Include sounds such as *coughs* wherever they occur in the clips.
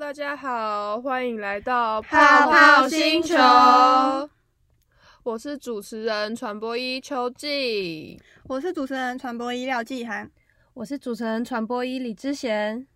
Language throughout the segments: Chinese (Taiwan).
大家好，歡迎來到泡泡星球。我是主持人傳播一邱靜，我是主持人傳播一廖繼涵，我是主持人傳播一，傳播一李之賢。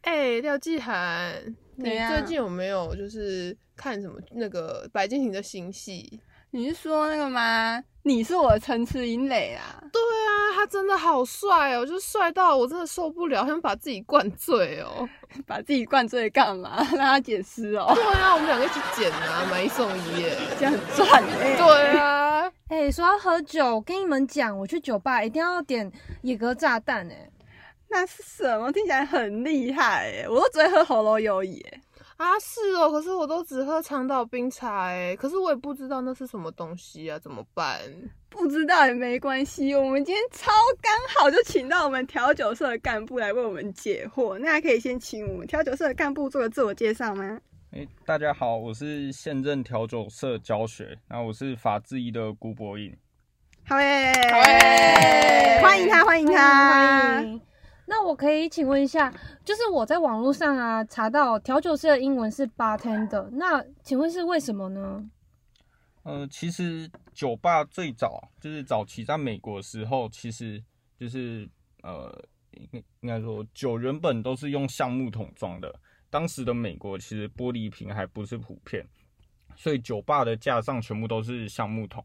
哎、欸，廖繼涵，你、啊、最近有沒有就是看什麼那個白《白敬亭的新戲》？你是說那個嗎？你是我的城池英磊啊！對啊，他真的好帥哦，就帥到我真的受不了，想把自己灌醉哦。 *laughs* 把自己灌醉幹嘛？讓他解釋哦。對啊，我們兩個一起剪啊，買一送一，這樣很賺耶、欸。對啊，誒、 *laughs* 欸、說要喝酒，我跟你們講，我去酒吧一定要點野格炸彈誒、欸、那是什麼？聽起來很厲害誒、欸、我都最愛喝喉嚨有耶。啊，是哦，可是我都只喝長島冰茶哎，可是我也不知道那是什麼東西啊，怎麼辦？不知道也沒關係，我們今天超剛好就請到我們調酒社的幹部來為我們解惑，那可以先請我們調酒社的幹部做個自我介紹嗎？哎、欸，大家好，我是現任調酒社教學，那我是法制一的辜博穎。好哎、欸，好哎、欸，歡迎他，歡迎他，嗯、歡迎。那我可以請問一下，就是我在網絡上啊查到調酒師的英文是 bartender 的，那請問是為什麼呢？呃，其實酒吧最早就是早期在美國的時候，其實就是呃應該應該說酒原本都是用橡木桶裝的，當時的美國其實玻璃瓶還不是普遍，所以酒吧的架上全部都是橡木桶。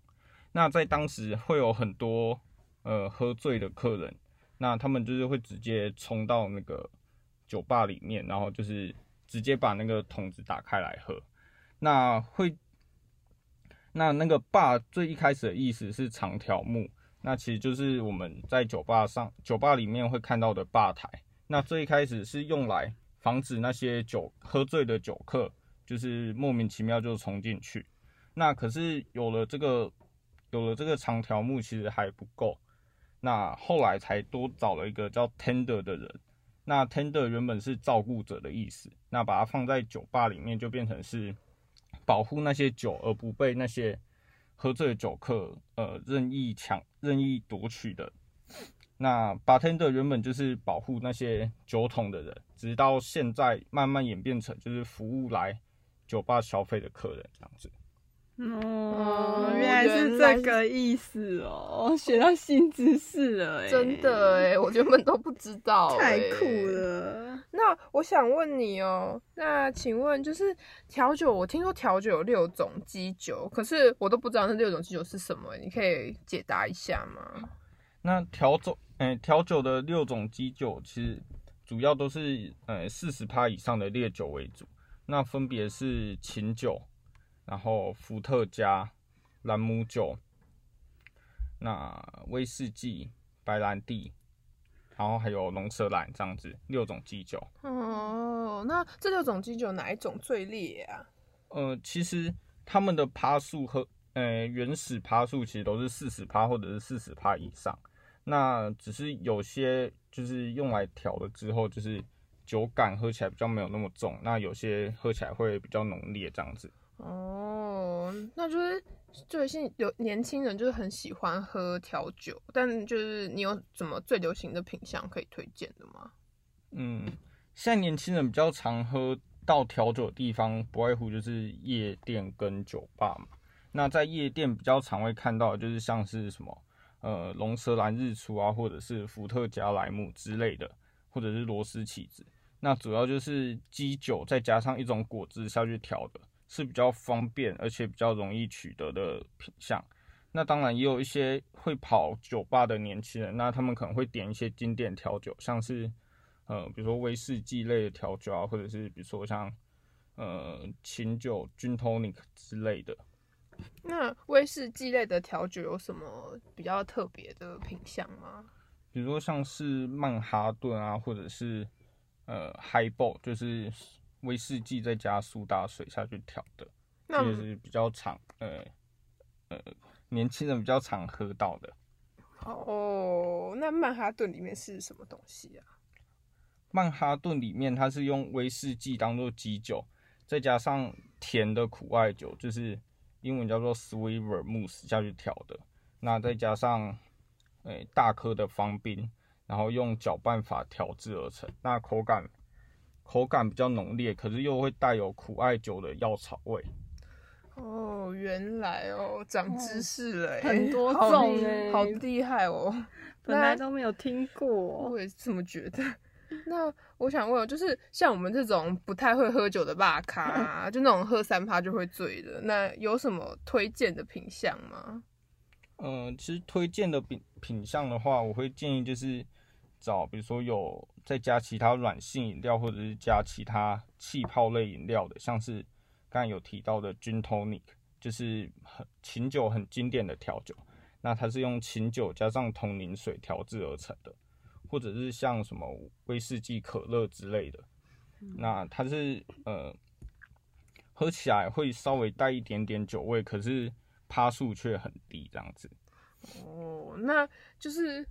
那在當時會有很多呃喝醉的客人。那他們就是會直接衝到那個酒吧裡面，然後就是直接把那個桶子打開來喝。那會，那那個 bar 最一開始的意思是長條木，那其實就是我們在酒吧上、酒吧裡面會看到的吧台。那最一開始是用來防止那些酒喝醉的酒客，就是莫名其妙就衝進去。那可是有了這個，有了這個長條木，其實還不夠。那後來才多找了一個叫 tender 的人。那 tender 原本是照顧者的意思，那把它放在酒吧裡面就變成是保護那些酒而不被那些喝醉的酒客呃任意搶、任意奪取的。那把 tender 原本就是保護那些酒桶的人，直到現在慢慢演變成就是服務來酒吧消費的客人這樣子。哦，嗯嗯、原來是這個意思哦、喔，我學到新知識了、欸、真的哎、欸，我根本都不知道、欸、太酷了。那我想問你哦、喔，那請問就是調酒，我聽說調酒有六種基酒，可是我都不知道那六種基酒是什麼、欸，你可以解答一下嗎？那調酒，調、欸、調酒的六種基酒其實主要都是嗯四十趴以上的烈酒為主，那分別是琴酒。然後伏特加、蘭姆酒、那威士忌、白蘭地，然後還有龍舌蘭這樣子六種基酒。哦，那這六種基酒哪一種最烈啊？呃，其實他們的趴數和呃原始趴數其實都是四十趴或者是四十趴以上。那只是有些就是用來調了之後，就是酒感喝起來比較沒有那麼重，那有些喝起來會比較濃烈這樣子。哦，oh, 那就是最近有年輕人就是很喜歡喝調酒，但就是你有什麼最流行的品項可以推薦的嗎？嗯，現在年輕人比較常喝到調酒的地方，不外乎就是夜店跟酒吧嘛。那在夜店比較常會看到的就是像是什麼呃龍舌蘭日出啊，或者是伏特加萊姆之類的，或者是螺絲起子。那主要就是基酒再加上一種果汁下去調的。是比較方便而且比較容易取得的品項。那當然也有一些會跑酒吧的年輕人，那他們可能會點一些經典調酒，像是呃比如說威士忌類的調酒啊，或者是比如說像呃琴酒、琴湯尼之類的。那威士忌類的調酒有什麼比較特別的品項嗎？比如說像是曼哈頓啊，或者是呃嗨爆，Highball，就是。威士忌再加蘇打水下去調的，那就是比較常，呃呃，年輕人比較常喝到的。哦，oh, 那曼哈頓裡面是什麼東西啊？曼哈頓裡面它是用威士忌當做基酒，再加上甜的苦艾酒，就是英文叫做 sweet vermouth 下去調的，那再加上哎、呃、大顆的方冰，然後用攪拌法調製而成，那口感。口感比較濃烈，可是又會帶有苦艾酒的藥草味。哦，原來哦，長知識了、哦，很多種，好厲害哦，本來都沒有聽過、哦。我也是這麼覺得。那我想問，就是像我們這種不太會喝酒的肉咖、啊，就那種喝三趴就會醉的，那有什麼推薦的品項嗎？嗯、呃，其實推薦的品品項的話，我會建議就是找，比如說有。再加其他軟性飲料，或者是加其他氣泡類飲料的，像是剛才有提到的 Gin Tonic，就是很琴酒很經典的調酒，那它是用琴酒加上通寧水調制而成的，或者是像什麼威士忌可樂之類的，嗯、那它是呃，喝起來會稍微帶一點點酒味，可是趴數卻很低，這樣子。哦，那就是。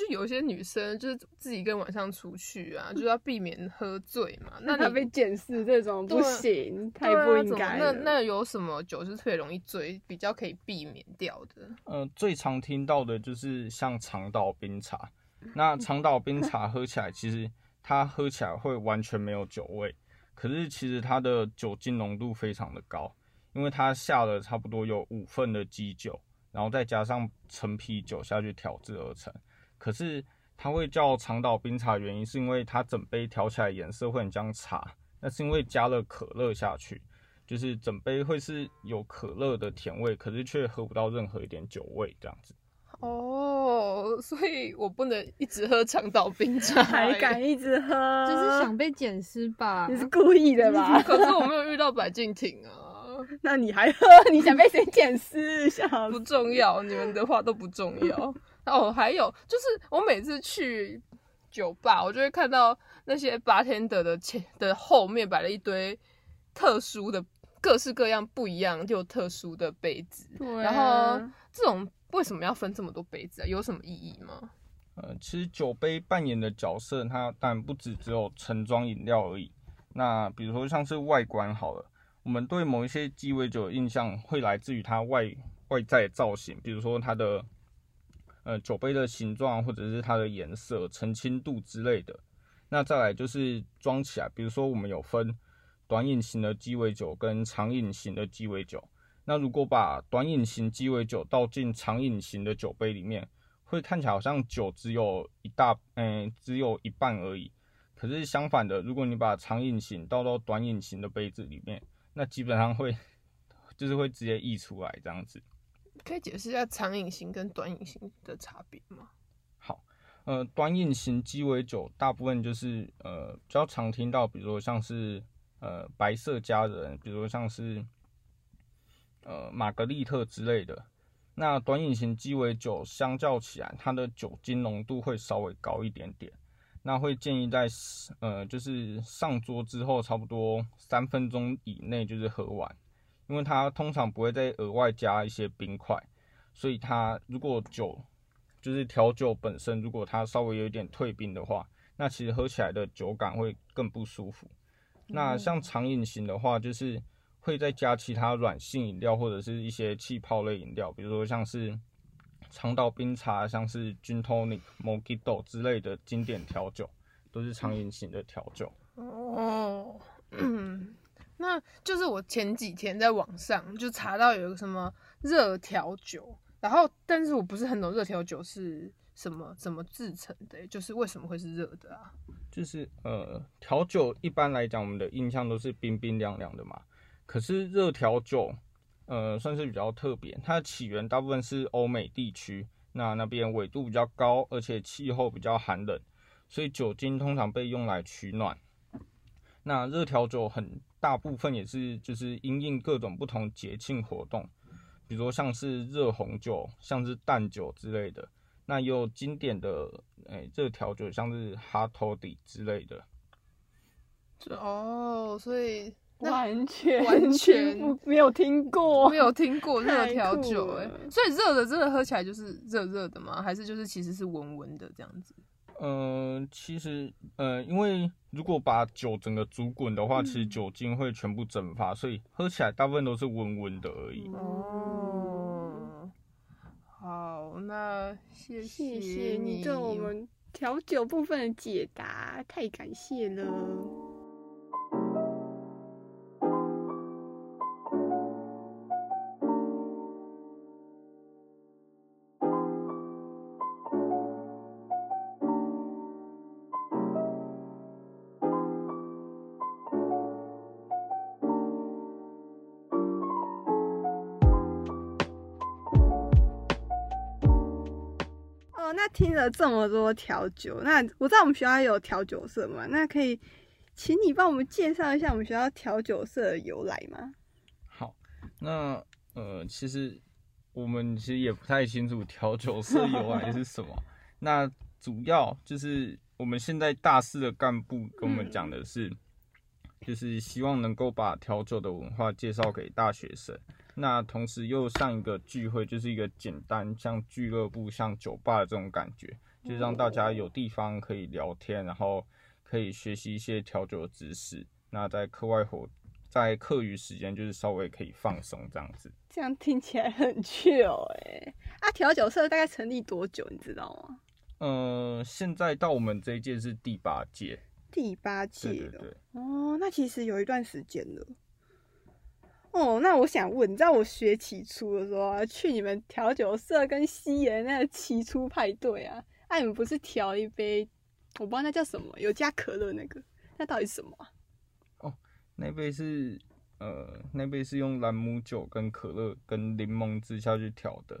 就有些女生就是自己跟晚上出去啊，就要避免喝醉嘛。那她被檢視這種不行，啊、太不應該。那那有什麼酒是特別容易醉，比較可以避免掉的？嗯、呃，最常聽到的就是像長島冰茶。那長島冰茶喝起來，其實它喝起來會完全沒有酒味， *laughs* 可是其實它的酒精濃度非常的高，因為它下了差不多有五份的基酒，然後再加上橙皮酒下去調製而成。可是它會叫長島冰茶，原因是因為它整杯調起來顏色會很像茶，那是因為加了可樂下去，就是整杯會是有可樂的甜味，可是卻喝不到任何一點酒味這樣子。哦，所以我不能一直喝長島冰茶，還敢一直喝，就是想被檢屍吧？你是故意的吧？可是我沒有遇到白敬亭啊， *laughs* 那你還喝？你想被誰檢屍？想不重要，你們的話都不重要。哦，還有就是我每次去酒吧，我就會看到那些 bartender 的前的後面擺了一堆特殊的各式各樣不一樣又特殊的杯子。對啊。然後這種為什麼要分這麼多杯子啊？有什麼意義嗎？呃，其實酒杯扮演的角色，它當然不只只有盛裝飲料而已。那比如說像是外觀好了，我們對某一些雞尾酒的印象會來自於它外外在的造型，比如說它的。呃，酒杯的形狀或者是它的顏色、澄清度之類的。那再來就是裝起來，比如說我們有分短飲型的雞尾酒跟長飲型的雞尾酒。那如果把短飲型雞尾酒倒進長飲型的酒杯裡面，會看起來好像酒只有一大，嗯、呃，只有一半而已。可是相反的，如果你把長飲型倒到短飲型的杯子裡面，那基本上會就是會直接溢出來這樣子。可以解釋一下長飲型跟短飲型的差別嗎？好，呃，短飲型雞尾酒大部分就是呃比較常聽到，比如說像是呃白色佳人，比如像是呃瑪格麗特之類的。那短飲型雞尾酒相較起來，它的酒精濃度會稍微高一點點，那會建議在呃就是上桌之後差不多三分鐘以內就是喝完。因為它通常不會再額外加一些冰塊，所以它如果酒就是調酒本身，如果它稍微有一點退冰的話，那其實喝起來的酒感會更不舒服。嗯、那像長飲型的話，就是會再加其他軟性飲料或者是一些氣泡類飲料，比如說像是長島冰茶、像是 Gin Tonic、Mojito、ok、之類的經典調酒，都是長飲型的調酒。哦、嗯。 *coughs* 那就是我前幾天在網上就查到有一個什麼熱調酒，然後但是我不是很懂熱調酒是什麼，怎麼製成的？欸，就是為什麼會是熱的啊？就是呃，調酒一般來講，我們的印象都是冰冰涼涼的嘛。可是熱調酒，呃，算是比較特別。它的起源大部分是歐美地區，那那邊緯度比較高，而且氣候比較寒冷，所以酒精通常被用來取暖。那熱調酒很。大部分也是就是因應各種不同節慶活動，比如像是熱紅酒，像是淡酒之類的。那有經典的欸熱調酒，像是哈托底之類的。哦，所以那完全完全沒有聽過， *laughs* 沒有聽過熱調酒欸。所以熱的真的喝起來就是熱熱的嗎？還是就是其實是溫溫的這樣子？嗯、呃，其實，嗯、呃，因為如果把酒整個煮滾的話，嗯、其實酒精會全部蒸發，所以喝起來大部分都是溫溫的而已。哦，好，那謝謝謝謝你對我們調酒部分的解答，太感謝了。聽了這麼多調酒，那我知道我們學校有調酒社嘛，那可以請你幫我們介紹一下我們學校調酒社的由來嗎？好，那呃，其實我們其實也不太清楚調酒社由來是什麼。 *laughs* 那主要就是我們現在大四的幹部跟我們講的是，就是希望能夠把調酒的文化介紹給大學生。那同時又上一個聚會，就是一個簡單像俱樂部、像酒吧的這種感覺，就是讓大家有地方可以聊天，然後可以學習一些調酒的知識。那在課外活，在課餘時間就是稍微可以放鬆這樣子。這樣聽起來很酷哦，哎，啊，調酒社大概成立多久？你知道嗎？嗯、呃，現在到我們這一屆是第八屆，第八屆了。對對對哦，那其實有一段時間了。哦，那我想問，你知道我學期初的時候、啊、去你們調酒社跟夕顏那個期初派對啊，啊你們不是調一杯，我不知道那叫什麼，有加可樂那個，那到底什麼、啊、哦，那杯是呃，那杯是用蘭姆酒跟可樂跟檸檬汁下去調的，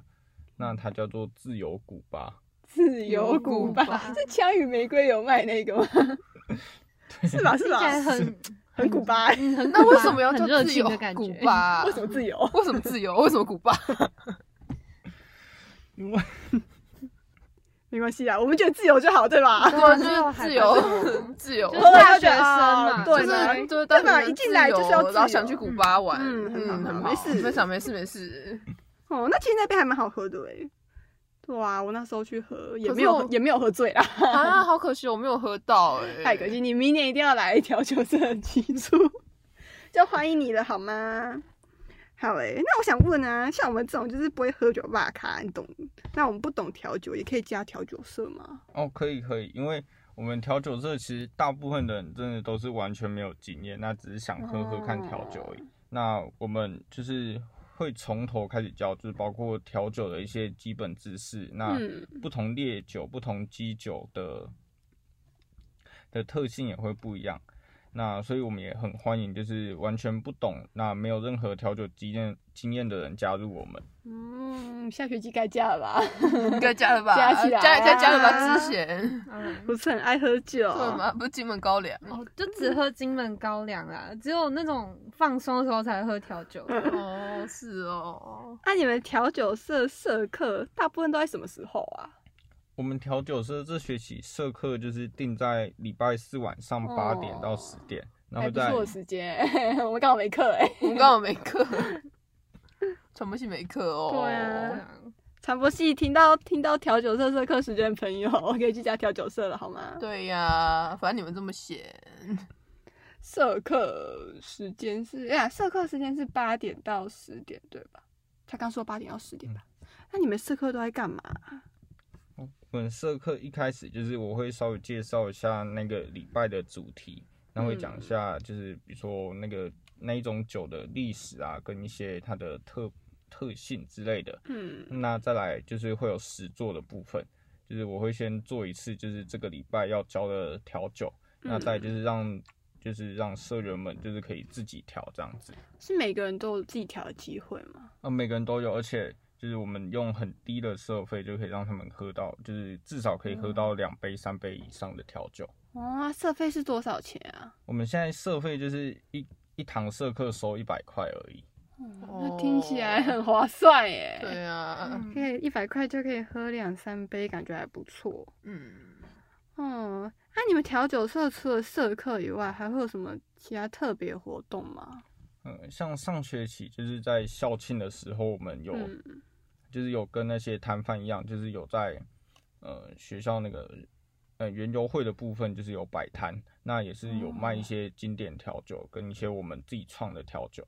那它叫做自由古巴。自由古巴？這槍與玫瑰有賣那個嗎？ *laughs* 啊、是吧？是吧？是很古巴，那為什麼要做自由的感覺？古巴為什麼自由？為什麼自由？為什麼古巴？因為沒關係啊，我們覺得自由就好，對吧？對，就是自由，自由。對，大學生嘛，對，對，對吧，一進來就是要老想去古巴玩，沒事，沒事，沒事，沒事。哦，那其實那邊還蠻好喝的哎。哇，我那時候去喝也沒有也沒有喝醉啦。啊，好可惜，我沒有喝到哎、欸、太可惜！你明年一定要來調酒社很接觸，就歡迎你了，好嗎？好誒、欸，那我想問啊，像我們這種就是不會喝酒，吧？卡，你懂？那我們不懂調酒，也可以加調酒社嗎？哦，可以可以，因為我們調酒社其實大部分的人真的都是完全沒有經驗，那只是想喝喝看調酒。哦、那我們就是。會從頭開始教，就是包括調酒的一些基本知識。那不同烈酒，不同基酒的的特性也會不一樣。那所以，我們也很歡迎，就是完全不懂，那沒有任何調酒經驗經驗的人加入我們。嗯，下學期該加了吧？該加 *laughs* 了吧？加起來，加加嫁了吧之前。嗯，不是很愛喝酒。什麼？不是金門高粱？哦、嗯，就只喝金門高粱啊！只有那種放鬆的時候才喝調酒。嗯、 *laughs* 哦，是哦。那你們調酒社社課大部分都在什麼時候啊？我們調酒社這學期社課就是定在禮拜四晚上八點到十點，然後在，還不錯時間，我們剛好沒課哎、欸，我們剛好沒課，傳 *laughs* 播系沒課哦。對啊，傳播系聽到聽到調酒社社課時間的朋友，可以去加調酒社了好嗎？對呀、啊，反正你們這麼閒，社課時間是哎呀，社課時間是八點到十點對吧？他剛說八點到十點吧？嗯、那你們社課都在幹嘛？本社課一開始就是我會稍微介紹一下那個禮拜的主題，那會講一下就是比如說那個那一種酒的歷史啊，跟一些它的特特性之類的。嗯。那再來就是會有實作的部分，就是我會先做一次，就是這個禮拜要教的調酒。嗯、那再就是讓就是讓社員們就是可以自己調這樣子。是每個人都有自己調的機會嗎？啊，每個人都有，而且。就是我們用很低的社費就可以讓他們喝到，就是至少可以喝到兩杯三杯以上的調酒。哇、嗯哦，社費是多少錢啊？我們現在社費就是一一堂社課收一百塊而已。哦、嗯，那聽起來很划算耶。對啊，可以一百塊就可以喝兩三杯，感覺還不錯。嗯。哦、嗯、那、啊、你們調酒社除了社課以外，還會有什麼其他特別活動嗎？嗯，像上學期就是在校慶的時候，我們有、嗯。就是有跟那些攤販一樣，就是有在，呃，學校那個，呃，園遊會的部分，就是有擺攤，那也是有賣一些經典調酒，嗯、跟一些我們自己創的調酒。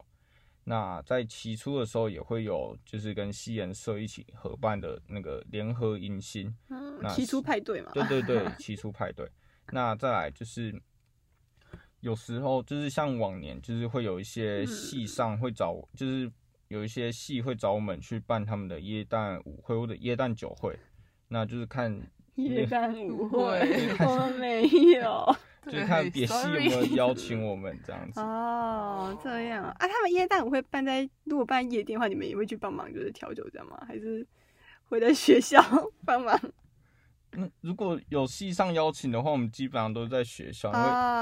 那在起初的時候，也會有就是跟西研社一起合辦的那個聯合迎新，嗯，起初派對嘛。對對對，起初派對。那再來就是，有時候就是像往年，就是會有一些系上會找，嗯、就是。有一些系會找我們去辦他們的耶誕舞會或者耶誕酒會，那就是看耶誕舞會我 *laughs* 沒有， *laughs* 就是看別系有沒有邀請我們這樣子哦，Sorry oh, 這樣啊，他們耶誕舞會辦在如果辦夜店的話，你們也會去幫忙，就是調酒這樣嗎？還是會在學校幫忙？那如果有系上邀請的話，我們基本上都在學校，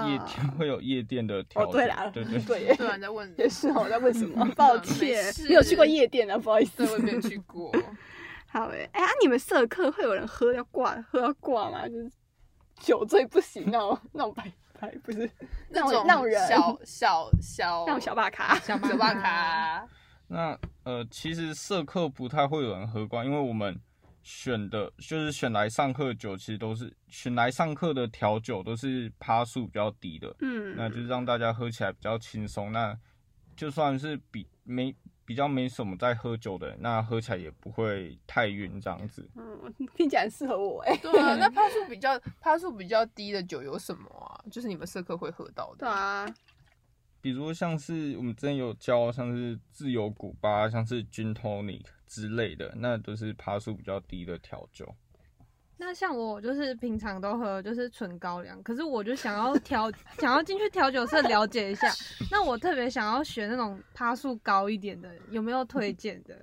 因為夜店會有夜店的調。哦對啦，對對對，突然在問，也是我在問什麼？抱歉，你有去過夜店啊？不好意思，我也沒去過。好誒，哎呀，你們社課會有人喝要掛喝要掛嗎？酒醉不行，那種那種擺拍不是那種那種人小小小那種小把卡小把卡。那呃，其實社課不太會有人喝掛，因為我們。選的就是選來上課酒，其實都是選來上課的調酒都是趴數比較低的，嗯，那就是讓大家喝起來比較輕鬆。那就算是比沒比較沒什麼在喝酒的，那喝起來也不會太暈這樣子。嗯，聽起來適合我哎、欸。對、啊，那趴數比較趴數比較低的酒有什麼啊？就是你們社課會喝到的。對啊，比如像是我們之前有教，像是自由古巴，像是 Gin Tonic。之類的，那都是趴樹比較低的調酒。那像我就是平常都喝就是純高粱，可是我就想要調， *laughs* 想要進去調酒社了解一下。 *laughs* 那我特別想要學那種趴樹高一點的，有沒有推薦的？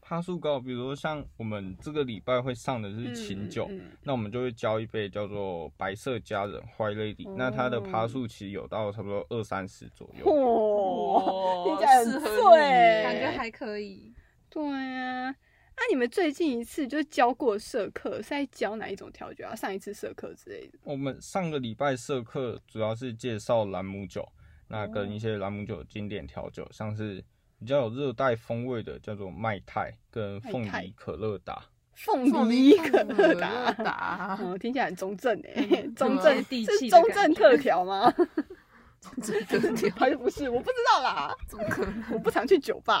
趴樹高，比如像我們這個禮拜會上的是琴酒，嗯嗯，那我們就會教一杯叫做白色佳人壞 h i t Lady），哦、那它的趴樹其實有到差不多二三十左右。哇、哦，這樣、哦、很帥，感覺還可以。對啊，那、啊、你們最近一次就教過社課是在教哪一種調酒啊？上一次社課之類的。我們上個禮拜社課主要是介紹蘭姆酒，那跟一些蘭姆酒經典調酒，哦、像是比較有熱帶風味的，叫做麥泰跟鳳梨可樂達。鳳梨可樂達、嗯，聽起來很中正哎、欸， *laughs* 中正地氣，中正特調嗎？中正特調還是還不是？我不知道啦，怎麼可能？我不常去酒吧。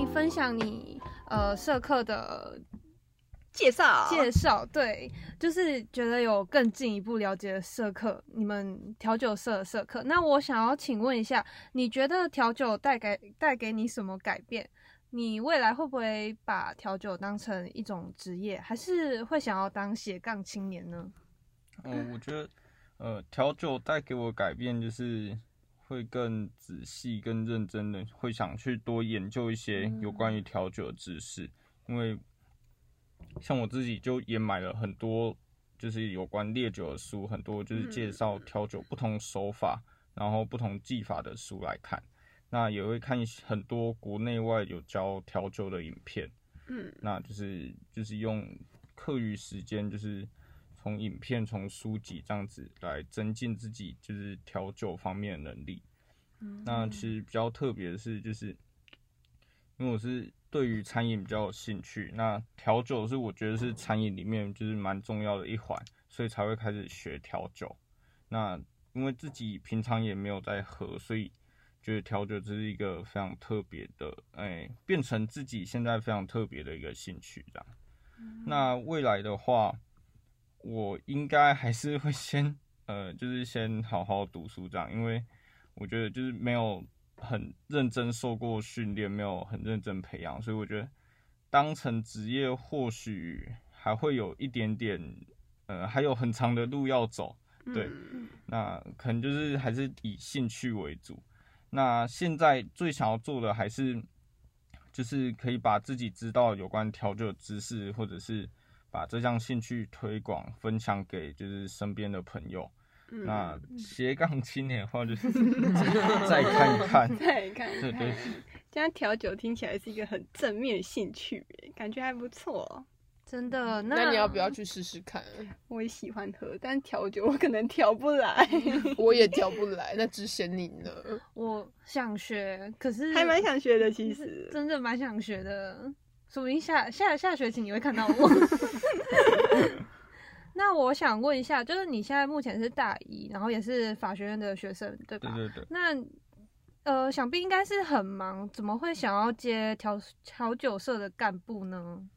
你分享你呃社課的介紹介紹，對，就是覺得有更進一步了解社課，你們調酒社的社課，那我想要請問一下，你覺得調酒帶給帶給你什麼改變？你未來會不會把調酒當成一種職業，還是會想要當斜槓青年呢？嗯，我覺得呃，調酒帶給我的改變就是。會更仔細、更認真的，會想去多研究一些有關於調酒的知識，嗯、因為像我自己就也買了很多，就是有關烈酒的書，很多就是介紹調酒不同手法，嗯、然後不同技法的書來看，那也會看一些很多國內外有教調酒的影片，嗯，那就是就是用課餘時間就是。從影片，從書籍這樣子來增進自己就是調酒方面的能力。嗯、哼那其實比較特別的是，就是因為我是對於餐飲比較有興趣，那調酒是我覺得是餐飲裡面就是蠻重要的一環，所以才會開始學調酒。那因為自己平常也沒有在喝，所以覺得調酒這是一個非常特別的，哎、欸，變成自己現在非常特別的一個興趣這樣。嗯、哼那未來的話。我應該還是會先，呃，就是先好好讀書這樣，因為我覺得就是沒有很認真受過訓練，沒有很認真培養，所以我覺得當成職業或許還會有一點點，呃，還有很長的路要走。對，嗯。那可能就是還是以興趣為主。那現在最想要做的還是，就是可以把自己知道有關調酒知識或者是。把這項興趣推廣分享給就是身邊的朋友，嗯、那斜槓青年的話就是再看看，再看，對對對，調酒聽起來是一個很正面的興趣，感覺還不錯，真的。那，那你要不要去試試看？我也喜歡喝，但調酒我可能調不來。 *laughs* 我也調不來，那只剩你了。我想學，可是還蠻想，想學的，其實真的蠻想學的。說不定下下下學期你會看到我。 *laughs* *laughs* 那我想問一下，就是你現在目前是大一，然後也是法學院的學生，對吧？對對對。那呃，想必應該是很忙，怎麼會想要接調調酒社的幹部呢？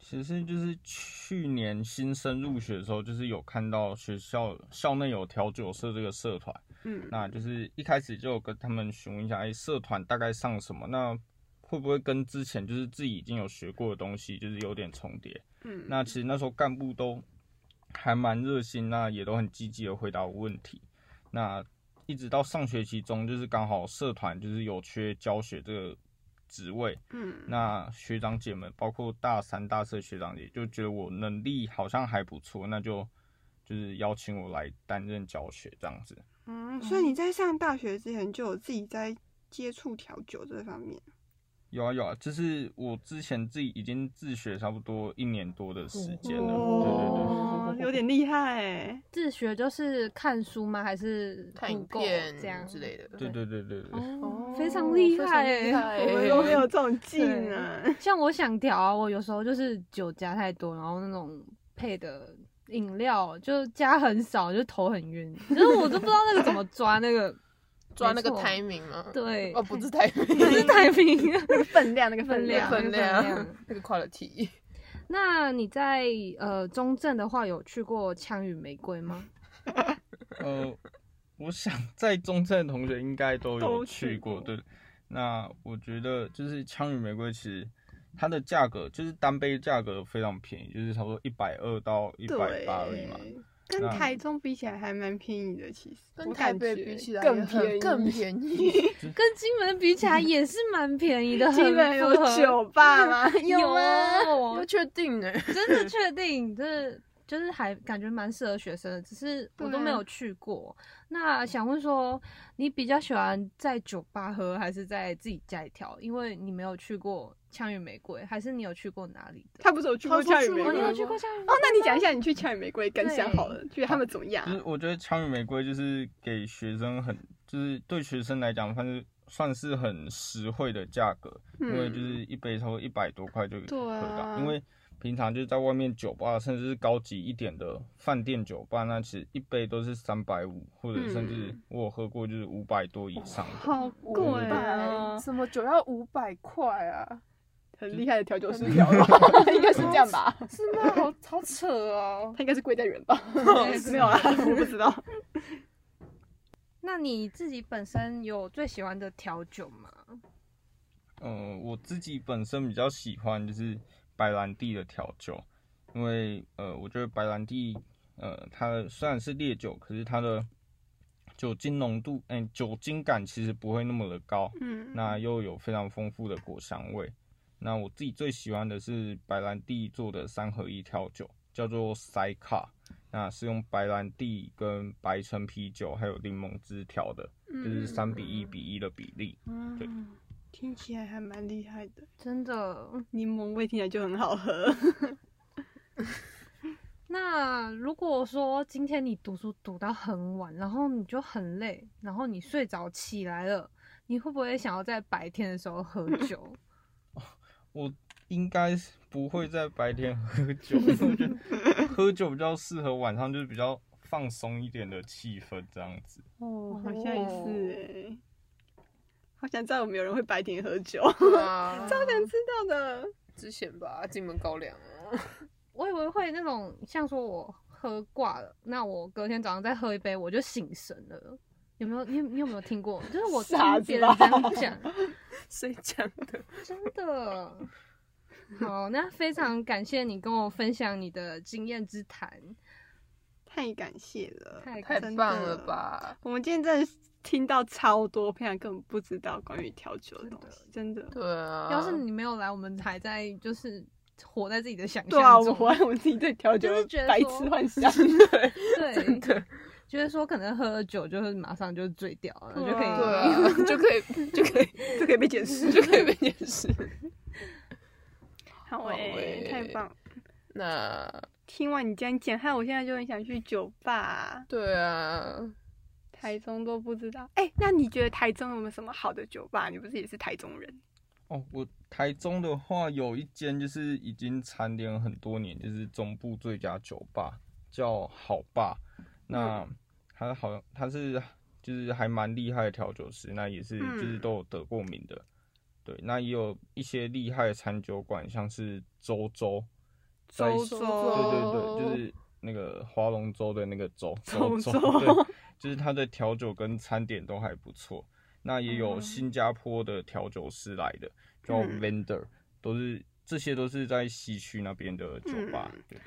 其實就是去年新生入學的時候，就是有看到學校校內有調酒社這個社團，嗯，那就是一開始就跟他們詢問一下，哎，社團大概上什麼？那會不會跟之前就是自己已經有學過的東西就是有點重疊？嗯，那其實那時候幹部都還蠻熱心，那也都很積極地回答我問題。那一直到上學期中，就是剛好社團就是有缺教學這個職位，嗯，那學長姐們包括大三大四的學長姐，就覺得我能力好像還不錯，那就就是邀請我來擔任教學這樣子。嗯，所以你在上大學之前就有自己在接觸調酒這方面。有啊有啊，就是我之前自己已經自學差不多一年多的時間了，哦、對對對，有點厲害哎，自學就是看書嗎？還是看影片這樣之類的？對，對對對對對，哦、非常厲害，厲害我們都沒有這種勁啊。像我想調、啊，我有時候就是酒加太多，然後那種配的飲料就加很少，就頭很暈，其實就是我都不知道那個怎麼抓 *laughs* 那個。抓那個 timing 嗎？對，哦，不是 timing，不是 timing，分量那個分量，那個、分量， *laughs* 那，個分量那個 quality。那你在呃中正的話有去過槍與玫瑰嗎？ *laughs* 呃，我想在中正的同學應該都有去過，去過對。那我覺得就是槍與玫瑰，其實它的價格就是單杯價格非常便宜，就是差不多一百二到一百八而已嘛。跟台中比起來還蠻便宜的，其實。跟台北比起來更便宜，更便宜。便 *laughs* *laughs* 跟金門比起來也是蠻便宜的。金門有酒吧嗎？ *laughs* 有嗎？不確定欸 *laughs* 真的確定？真的確定？就是。就是還感覺蠻適合學生的，只是我都沒有去過。啊、那想問說，你比較喜歡在酒吧喝，還是在自己家裡調？因為你沒有去過槍與玫瑰，還是你有去過哪裡？他不是有去過，去過槍與玫瑰嗎？哦、你沒有去過槍與哦？那你講一下你去槍與玫瑰感想好了，覺得對他們怎麼樣、啊？就是我覺得槍與玫瑰就是給學生很，就是對學生來講，算是算是很實惠的價格，嗯、因為就是一杯差不多一百多塊就可以喝到，對啊、因為。平常就在外面酒吧，甚至是高級一點的飯店酒吧，那其實一杯都是三百五，或者甚至我喝過就是五百多以上。好貴啊！什麼酒要五百塊啊？很厲害的調酒師，調吧，應該是這樣吧？是嗎？好扯哦！他應該是貴在人吧？沒有啦，我不知道。那你自己本身有最喜歡的調酒嗎？嗯，我自己本身比較喜歡就是。白蘭地的調酒，因為呃，我覺得白蘭地呃，它雖然是烈酒，可是它的酒精濃度，嗯、欸，酒精感其實不會那麼的高，嗯，那又有非常豐富的果香味。那我自己最喜歡的是白蘭地做的三合一調酒，叫做塞卡，那是用白蘭地跟白橙皮酒還有檸檬汁調的，就是三比一比一的比例，對。聽起來還蠻厲害的，真的。嗯，檸檬味聽起來就很好喝。 *laughs* *laughs* 那如果說今天你讀書讀到很晚，然後你就很累，然後你睡着起來了，你會不會想要在白天的時候喝酒？我應該不會在白天喝酒， *laughs* 喝酒比較適合晚上，就是比較放鬆一點的氣氛這樣子。哦，好像也是欸。好想知道有沒有人會白天喝酒，uh, 超想知道的。之前吧，金門高粱了。 *laughs* 我以為會那種像說我喝掛了，那我隔天早上再喝一杯我就醒神了。有沒有？你你有沒有聽過？就是我聽別人這樣講，誰講的？ *laughs* *laughs* 真的。好，那非常感謝你跟我分享你的經驗之談，太感謝了，太，太棒了吧？了我們今天在。聽到超多，平常根本不知道關於調酒的東西，真的。對啊。要是你沒有來，我們還在就是活在自己的想象中啊！我我自己在調酒就是覺得白痴幻想，對，真的。覺得說可能喝了酒就是馬上就醉掉了，就可以，就可以，就可以，就可以被撿屍，就可以被撿屍。好誒，太棒！那聽完你這樣講害我現在就很想去酒吧。對啊。台中都不知道，哎、欸，那你覺得台中有沒有什麼好的酒吧？你不是也是台中人？哦，我台中的話有一間就是已經蟬聯了很多年，就是中部最佳酒吧，叫好吧。那他好，他是就是還蠻厲害的調酒師，那也是就是都有得過名的。嗯、對，那也有一些厲害的餐酒館，像是舟舟。舟舟，舟舟舟對對對，就是那個划龍舟的那個舟。舟舟州。舟舟對就是他的調酒跟餐點都還不錯，那也有新加坡的調酒師來的，嗯、叫 Vendor，都是這些都是在西區那邊的酒吧。嗯、對，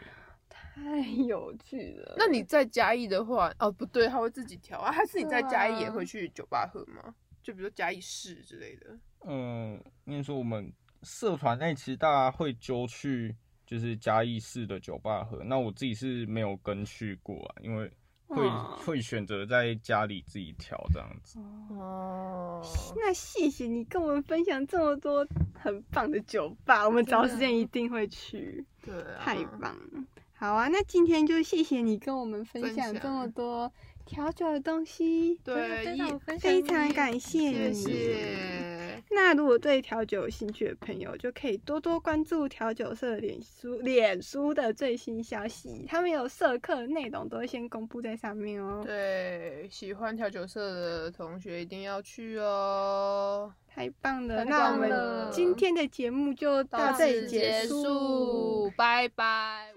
太有趣了。那你在嘉義的話，對哦不對，他會自己調啊？還是你在嘉義也會去酒吧喝嗎？啊、就比如說嘉義市之類的？嗯，跟你說我們社團那其實大家會揪去，就是嘉義市的酒吧喝。那我自己是沒有跟去過啊，因為。會會選擇在家裡自己調這樣子。哦，那謝謝你跟我們分享這麼多很棒的酒吧，我們找時間一定會去。對啊，太棒了！好啊，那今天就謝謝你跟我們分享這麼多調酒的東西。對，真的非常非常感謝你。謝謝。那如果對調酒有興趣的朋友，就可以多多關注調酒社臉書臉書的最新消息，他們有社課內容都會先公布在上面哦。對，喜歡調酒社的同學一定要去哦。太棒了！棒了，那我們今天的節目就到這裡結束，結束，拜拜。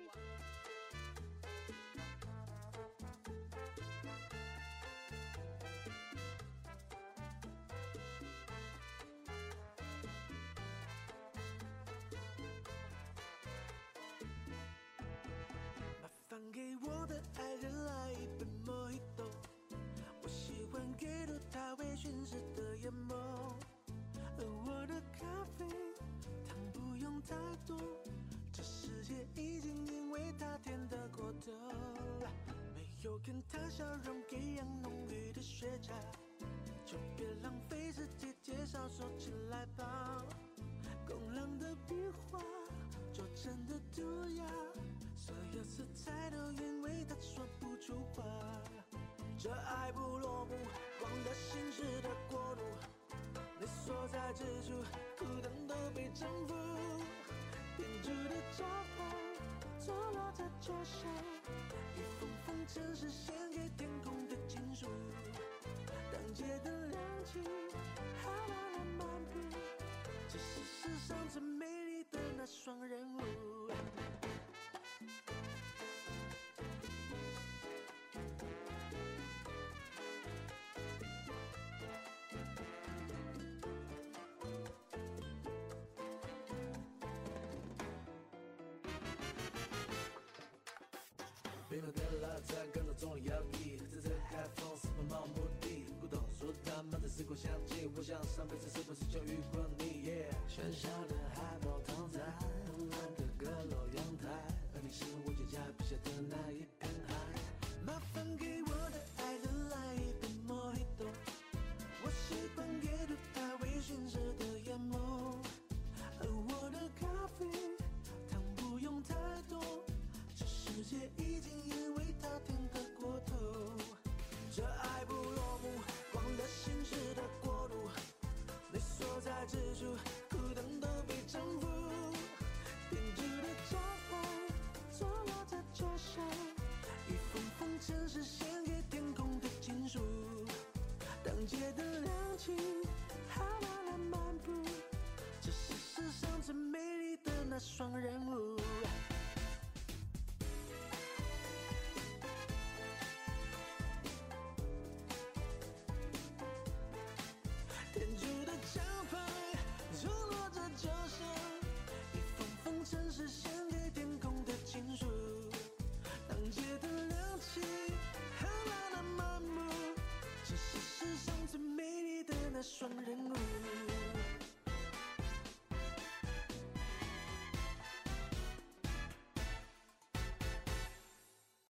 就跟他笑容一樣濃郁的雪茄，就別浪費時間介紹，說起來吧。拱廊的壁畫，舊城的塗鴉，所有色彩都因為他說不出話。這愛不落幕，忘了心事的國度，你所在之處，孤單都被征服。鐵鑄的招牌，坐落在桌上。城市獻給天空的情書，當街燈亮起。繽紛的老爺車，跟著棕櫚搖曳，載著海風私奔，漫無目的。古董書攤漫著時光香氣。我想上輩子是不是就遇過你？喧囂的海報躺在慵懶的閣樓陽台，而你是文學家筆下。是獻給天空的情書。當街燈亮起，浪漫地漫步，這是世上最美麗的那雙人舞。天主的招牌，坐落着就像一封封塵世。